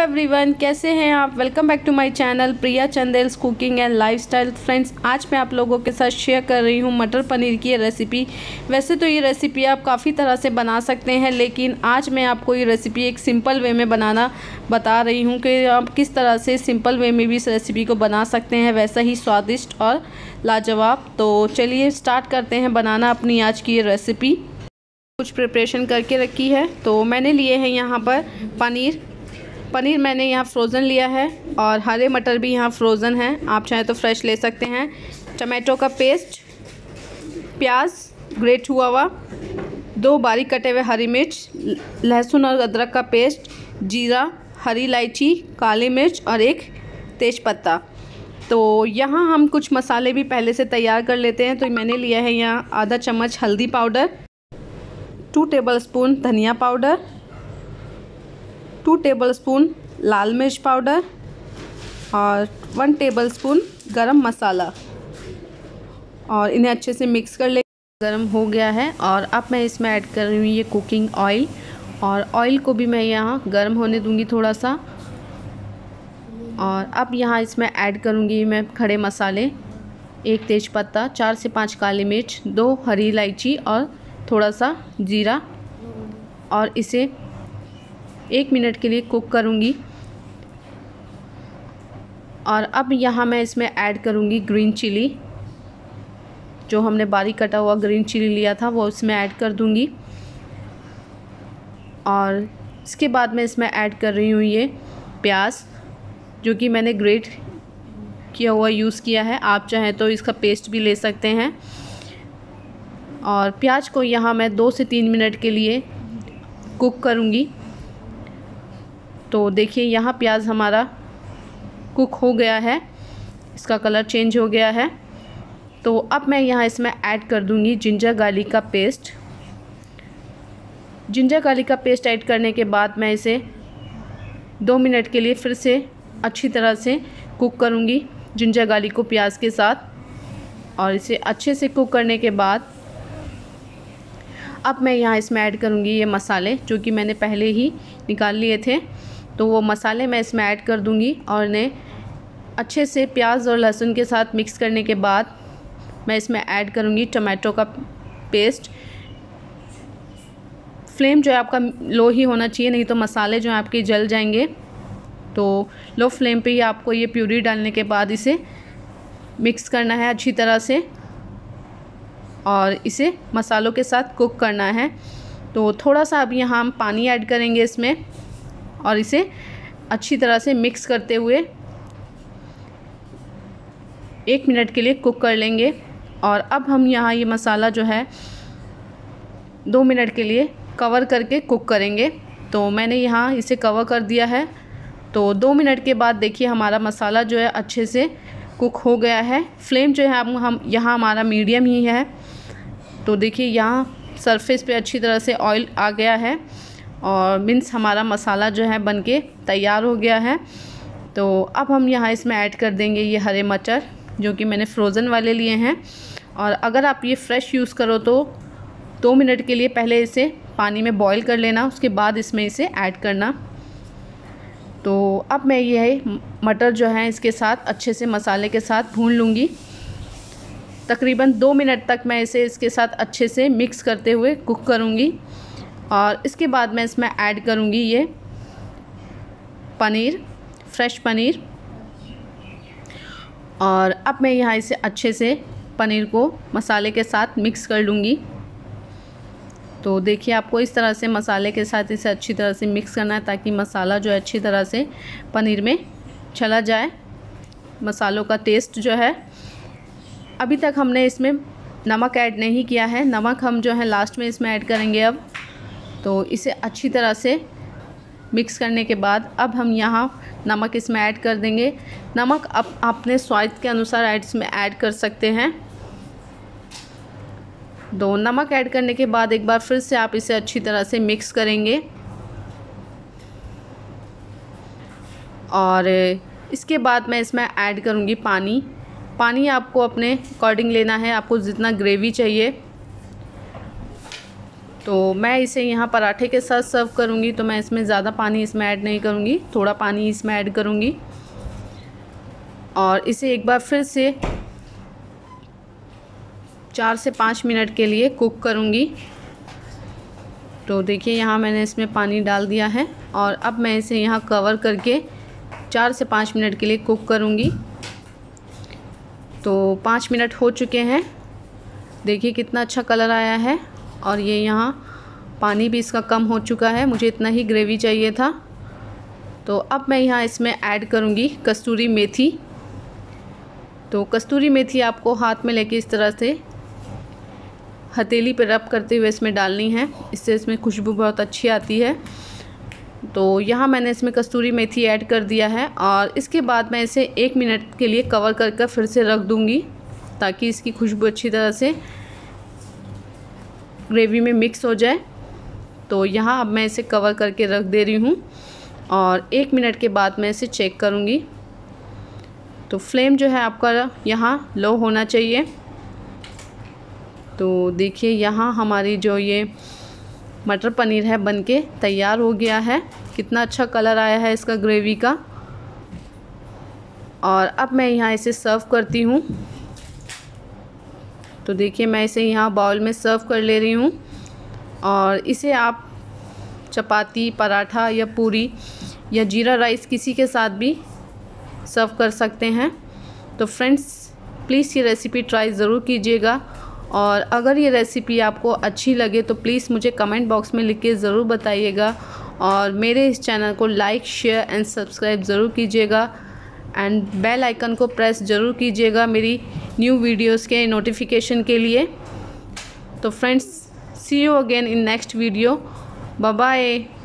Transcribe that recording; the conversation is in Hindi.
एवरीवन कैसे हैं आप welcome back to my channel Priya Chandel's cooking and lifestyle friends आज मैं आप लोगों के साथ शेयर कर रही हूं मटर पनीर की रेसिपी वैसे तो ये रेसिपी आप काफ़ी तरह से बना सकते हैं लेकिन आज मैं आपको ये रेसिपी एक सिंपल वे में बनाना बता रही हूँ कि आप किस तरह से सिंपल वे में भी इस रेसिपी को बना सकते हैं वैसा ही स्वादिष्ट और लाजवाब तो चलिए स्टार्ट करते हैं बनाना अपनी आज की ये रेसिपी कुछ प्रिपरेशन करके रखी है तो मैंने लिए हैं यहाँ पर पनीर पनीर मैंने यहाँ फ्रोज़न लिया है और हरे मटर भी यहाँ फ्रोज़न है आप चाहें तो फ्रेश ले सकते हैं टमाटो का पेस्ट प्याज ग्रेट हुआ हुआ दो बारीक कटे हुए हरी मिर्च लहसुन और अदरक का पेस्ट जीरा हरी इलायची काली मिर्च और एक तेज़पत्ता तो यहाँ हम कुछ मसाले भी पहले से तैयार कर लेते हैं तो मैंने लिया है यहाँ आधा चम्मच हल्दी पाउडर टू टेबल स्पून धनिया पाउडर टू टेबल स्पून लाल मिर्च पाउडर और one tablespoon garam masala और इन्हें अच्छे से मिक्स कर ले गरम हो गया है और अब मैं इसमें ऐड कर रही हूँ ये कुकिंग ऑयल और ऑयल को भी मैं यहाँ गर्म होने दूँगी थोड़ा सा और अब यहाँ इसमें ऐड करूँगी मैं खड़े मसाले एक तेज़पत्ता चार से पाँच काली मिर्च दो हरी इलायची और थोड़ा सा जीरा और इसे एक मिनट के लिए कुक करूँगी और अब यहाँ मैं इसमें ऐड करूँगी ग्रीन चिली जो हमने बारीक कटा हुआ ग्रीन चिली लिया था वो इसमें ऐड कर दूँगी और इसके बाद मैं इसमें ऐड कर रही हूँ ये प्याज जो कि मैंने ग्रेट किया हुआ यूज़ किया है आप चाहें तो इसका पेस्ट भी ले सकते हैं और प्याज को यहाँ मैं दो से तीन मिनट के लिए कुक करूँगी तो देखिए यहाँ प्याज हमारा कुक हो गया है इसका कलर चेंज हो गया है तो अब मैं यहाँ इसमें ऐड कर दूँगी जिंजर गार्लिक का पेस्ट जिंजर गार्लिक का पेस्ट ऐड करने के बाद मैं इसे दो मिनट के लिए फिर से अच्छी तरह से कुक करूँगी जिंजर गार्लिक को प्याज के साथ और इसे अच्छे से कुक करने के बाद अब मैं यहाँ इसमें ऐड करूँगी ये मसाले जो कि मैंने पहले ही निकाल लिए थे तो वो मसाले मैं इसमें ऐड कर दूँगी और इन्हें अच्छे से प्याज और लहसुन के साथ मिक्स करने के बाद मैं इसमें ऐड करूँगी टमाटो का पेस्ट फ्लेम जो है आपका लो ही होना चाहिए नहीं तो मसाले जो हैं आपके जल जाएंगे तो लो फ्लेम पे ही आपको ये प्यूरी डालने के बाद इसे मिक्स करना है अच्छी तरह से और इसे मसालों के साथ कुक करना है तो थोड़ा सा अब यहाँ हम पानी ऐड करेंगे इसमें और इसे अच्छी तरह से मिक्स करते हुए एक मिनट के लिए कुक कर लेंगे और अब हम यहाँ ये मसाला जो है दो मिनट के लिए कवर करके कुक करेंगे तो मैंने यहाँ इसे कवर कर दिया है तो दो मिनट के बाद देखिए हमारा मसाला जो है अच्छे से कुक हो गया है फ्लेम जो है हम हम यहाँ हमारा मीडियम ही है तो देखिए यहाँ सरफेस पे अच्छी तरह से ऑयल आ गया है और मीन्स हमारा मसाला जो है बन के तैयार हो गया है तो अब हम यहाँ इसमें ऐड कर देंगे ये हरे मटर जो कि मैंने फ्रोज़न वाले लिए हैं और अगर आप ये फ्रेश यूज़ करो तो दो तो मिनट के लिए पहले इसे पानी में बॉईल कर लेना उसके बाद इसमें इसे ऐड करना तो अब मैं ये मटर जो है इसके साथ अच्छे से मसाले के साथ भून लूँगी तकरीबन दो मिनट तक मैं इसे इसके साथ अच्छे से मिक्स करते हुए कुक करूँगी और इसके बाद मैं इसमें ऐड करूँगी ये पनीर फ्रेश पनीर और अब मैं यहाँ इसे अच्छे से पनीर को मसाले के साथ मिक्स कर लूँगी तो देखिए आपको इस तरह से मसाले के साथ इसे अच्छी तरह से मिक्स करना है ताकि मसाला जो है अच्छी तरह से पनीर में चला जाए मसालों का टेस्ट जो है अभी तक हमने इसमें नमक ऐड नहीं किया है नमक हम जो है लास्ट में इसमें ऐड करेंगे अब तो इसे अच्छी तरह से मिक्स करने के बाद अब हम यहाँ नमक इसमें ऐड कर देंगे नमक अब अपने स्वाद के अनुसार ऐड इसमें ऐड कर सकते हैं तो नमक ऐड करने के बाद एक बार फिर से आप इसे अच्छी तरह से मिक्स करेंगे और इसके बाद मैं इसमें ऐड करूँगी पानी पानी आपको अपने अकॉर्डिंग लेना है आपको जितना ग्रेवी चाहिए तो मैं इसे यहाँ पराठे के साथ सर्व करूँगी तो मैं इसमें ज़्यादा पानी इसमें ऐड नहीं करूँगी थोड़ा पानी इसमें ऐड करूँगी और इसे एक बार फिर से चार से पाँच मिनट के लिए कुक करूँगी तो देखिए यहाँ मैंने इसमें पानी डाल दिया है और अब मैं इसे यहाँ कवर करके चार से पाँच मिनट के लिए कुक करूँगी तो पाँच मिनट हो चुके हैं देखिए कितना अच्छा कलर आया है और ये यहाँ पानी भी इसका कम हो चुका है मुझे इतना ही ग्रेवी चाहिए था तो अब मैं यहाँ इसमें ऐड करूँगी कस्तूरी मेथी तो कस्तूरी मेथी आपको हाथ में लेके इस तरह से हथेली पर रब करते हुए इसमें डालनी है इससे इसमें खुशबू बहुत अच्छी आती है तो यहाँ मैंने इसमें कस्तूरी मेथी ऐड कर दिया है और इसके बाद मैं इसे एक मिनट के लिए कवर कर फिर से रख दूँगी ताकि इसकी खुशबू अच्छी तरह से ग्रेवी में मिक्स हो जाए तो यहाँ अब मैं इसे कवर करके रख दे रही हूँ और एक मिनट के बाद मैं इसे चेक करूँगी तो फ्लेम जो है आपका यहाँ लो होना चाहिए तो देखिए यहाँ हमारी जो ये मटर पनीर है बनके तैयार हो गया है कितना अच्छा कलर आया है इसका ग्रेवी का और अब मैं यहाँ इसे सर्व करती हूँ तो देखिए मैं इसे यहाँ बाउल में सर्व कर ले रही हूँ और इसे आप चपाती पराठा या पूरी या जीरा राइस किसी के साथ भी सर्व कर सकते हैं तो फ्रेंड्स प्लीज़ ये रेसिपी ट्राई ज़रूर कीजिएगा और अगर ये रेसिपी आपको अच्छी लगे तो प्लीज़ मुझे कमेंट बॉक्स में लिख के ज़रूर बताइएगा और मेरे इस चैनल को लाइक शेयर एंड सब्सक्राइब ज़रूर कीजिएगा एंड बेल आइकन को प्रेस ज़रूर कीजिएगा मेरी न्यू वीडियोस के नोटिफिकेशन के लिए तो friends see you again in next video bye